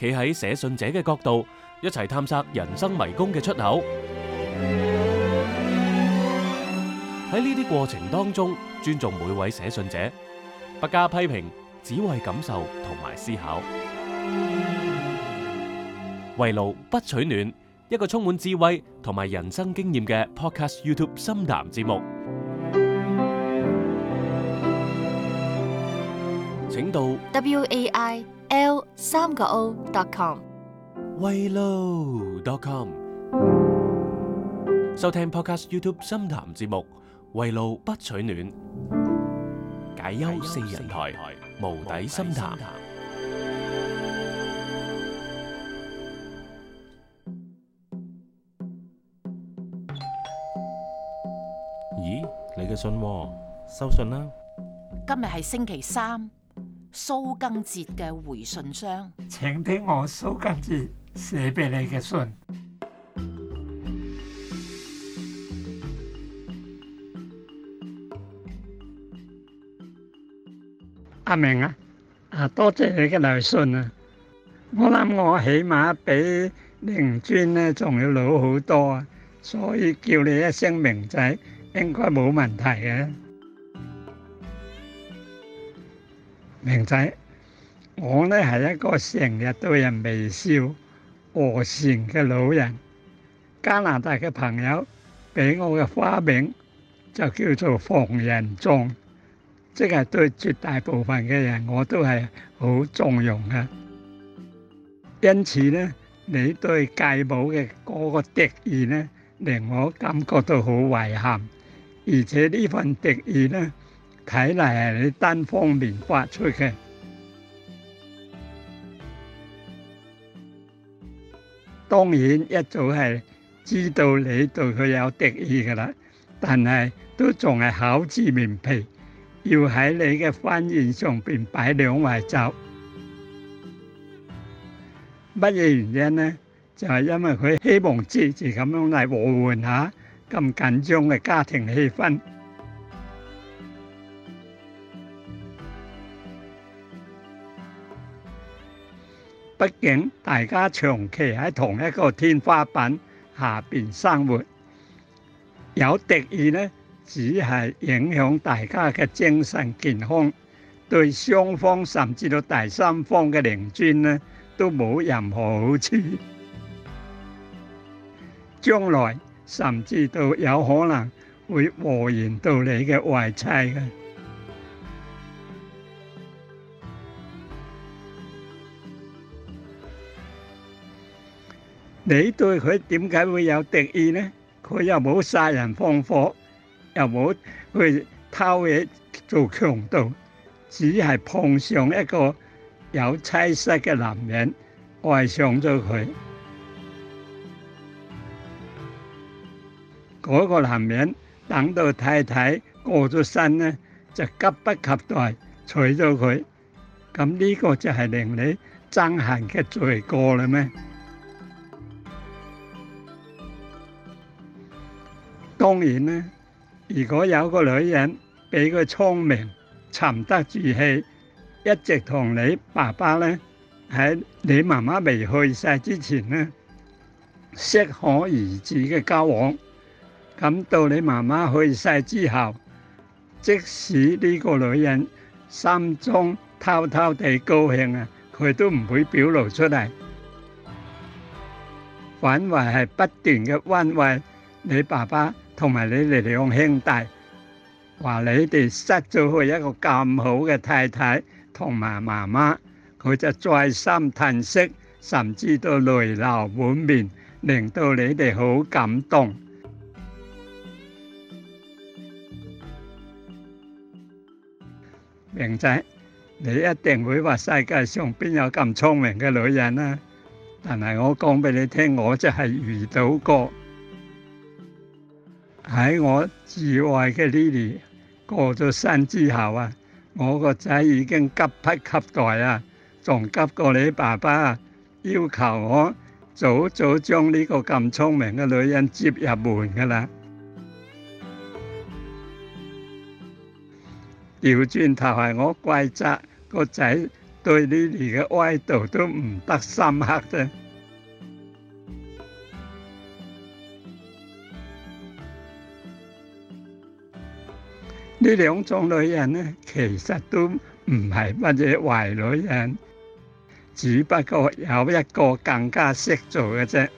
企喺寫信者嘅角度，一齊探索人生迷宮嘅出口。喺呢啲過程當中，尊重每位寫信者，不加批評，只為感受同埋思考。圍爐不取暖，一個充滿智慧同埋人生經驗嘅 Podcast YouTube 深談節目，請到 WAI。三個 O dot com，維路 dot com，收聽 Podcast YouTube 深談節目，維路不取暖，解憂四人台，無底深談。咦，你嘅信喎，收信啦。今日係星期三。蘇賡哲嘅回信箱，請聽我蘇賡哲寫俾你嘅信。阿明啊，啊多謝你嘅來信啊！我諗我起碼比寧尊咧仲要老好多啊，所以叫你一聲明仔應該冇問題嘅。明仔，我呢係一個成日對人微笑和善嘅老人。加拿大嘅朋友俾我嘅花名就叫做逢人縱，即係對絕大部分嘅人我都係好縱容嘅。因此呢，你對戒寶嘅嗰個敵意呢，令我感覺到好遺憾，而且呢份敵意呢，睇嚟係你單方面發出嘅，當然一早係知道你對佢有敵意㗎喇，但係都仲係厚住面皮，要喺你嘅婚宴上邊擺兩圍酒。乜嘢原因呢？就係因為佢希望藉住咁樣嚟和緩下咁緊張嘅家庭氣氛。畢竟大家長期喺同一個天花板下面生活，有敵意呢，只係影響大家嘅精神健康，對雙方甚至到第三方嘅靈尊呢，都冇任何好處。將來甚至到有可能會禍延到你嘅外妻嘅。你對佢點解會有敵意呢？佢又冇殺人放火，又冇去偷嘢做強盜，只係碰上一個有妻室嘅男人，愛上咗佢。嗰個男人等到太太過咗身呢，就急不及待娶咗佢。咁呢個就係令你憎恨嘅罪過啦咩？當然呢，如果有個女人比佢聰明、沉得住氣，一直同你爸爸呢喺你媽媽未去世之前呢適可而止嘅交往，咁到你媽媽去世之後，即使呢個女人心中偷偷地高興啊，佢都唔會表露出嚟，反為係不斷嘅安慰你爸爸。同埋你哋兩兄弟，話你哋失咗佢一個咁好嘅太太同埋媽媽，佢就再三嘆息，甚至到淚流滿面，令到你哋好感動。明仔，你一定會話世界上邊有咁聰明嘅女人啦，但係我講俾你聽，我真係遇到過。喺我至愛嘅 Lily 過咗身之後啊，我個仔已經急不及待啊，仲急過你爸爸啊，要求我早早將呢個咁聰明嘅女人接入門㗎喇。掉、嗯、轉頭係我怪責個仔對 Lily 嘅哀悼都唔得深刻嘅。呢兩種女人呢，其實都唔係乜嘢壞女人，只不過有一個更加識做嘅啫。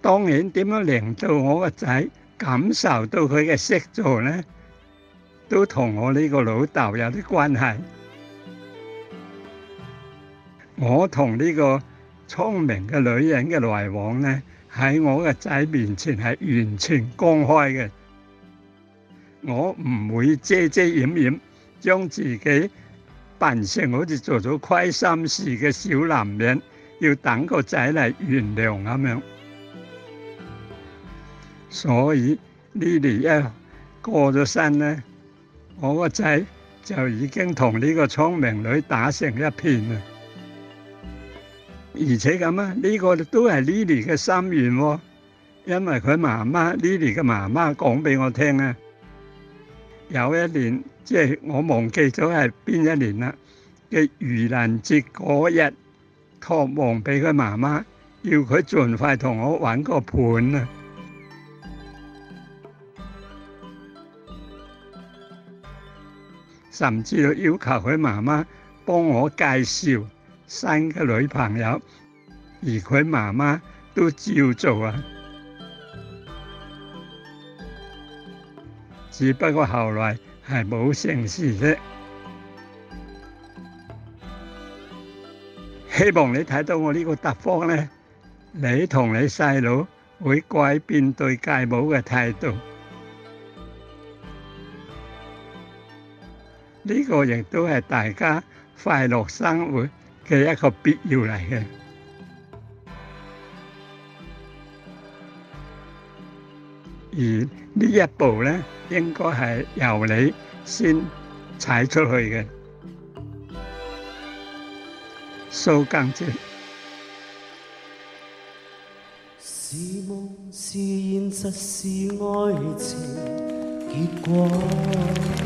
當然，點樣令到我個仔感受到佢嘅識做呢，都同我呢個老豆有啲關係。我同呢個聰明嘅女人嘅來往咧，喺我個仔面前係完全公開嘅，我唔會遮遮掩掩，將自己扮成好似做咗虧心事嘅小男人，要等個仔嚟原諒咁樣。所以呢年一過咗身咧，我個仔就已經同呢個聰明女打成一片啦。而且咁啊，呢個都係 Lily 嘅心願，因為佢媽媽 Lily 嘅媽媽講俾我聽咧，有一年即係我忘記咗係邊一年啦嘅盂蘭節嗰日，託夢俾佢媽媽，要佢盡快同我揾個伴啊，甚至要要求佢媽媽幫我介紹。新嘅女朋友，而佢媽媽都照做啊！只不過後來係冇成事啫。希望你睇到我呢個答覆咧，你同你細佬會改變對繼母嘅態度。呢個亦都係大家快樂生活嘅一個必要嚟嘅，而呢一步咧，應該係由你先踩出去嘅，蘇賡哲。是夢，是現實，是愛情。結果。